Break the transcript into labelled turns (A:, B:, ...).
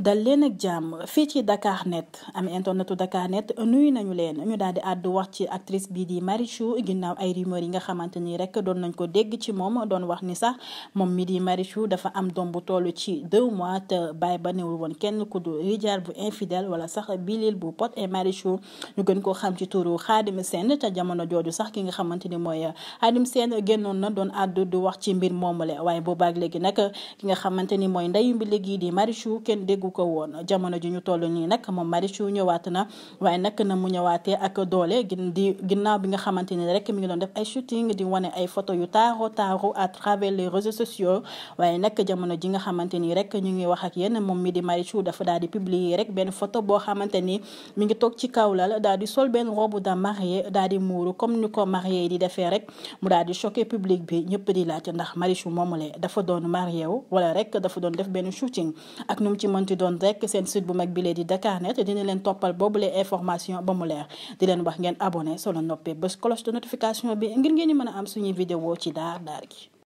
A: dal leen ak jàmm fii ci Dakar Net am internetu Dakar Net nuyu nañu leen ñu daal di àddu wax ci actrice bii di Marichou ginnaaw ay rumeur yi nga xamante ni rek doon nañ ko dégg ci moom doon wax ni sax moom mi di Marichou dafa am doom bu toll ci deux mois te baay ba newul woon kenn ku du Rijal bu infidèle wala sax Bilil bu Pod et Marichou ñu gën koo xam ci turu Khadim Sène te jamono jooju sax ki nga xamante ni mooy Khadim Sène génnoon na doon àddu di ci mbir moomale waaye boobaag léegi nag ki nga xamante ni mooy ndeyu mbi léegi di Marichou kenn dégg gu ko woon jamono ji ñu toll nii nag moom Marichou ñëwaat na waaye nag na mu ñëwaatee ak doole di ginnaaw bi nga xamante ni rek mi ngi doon def ay shooting di wane ay photo yu taaro taaro à travers les réseaux sociaux waaye nag jamono ji nga xamante ni rek ñu ngi wax ak yéen moom mi di Marichou dafa daal di publier rek benn photo boo xamante ni mi ngi toog ci kaw lal dal di sol benn robe de mariée dal di muuru comme ni ko marie yi di defee rek mu daal di choqué public bi ñëpp di laaj ndax Marichou moomule dafa doon marié wu wala rek dafa doon def benn shooting ak nu ci doon rek seen site bu mag bi bile di Dakarnet dina leen toppal boobule information ba mu leer di leen wax ngeen abonné solo noppee bés cloche de notification bi ngir ngeen di mën a am suñuy vidéo ci daar daar gi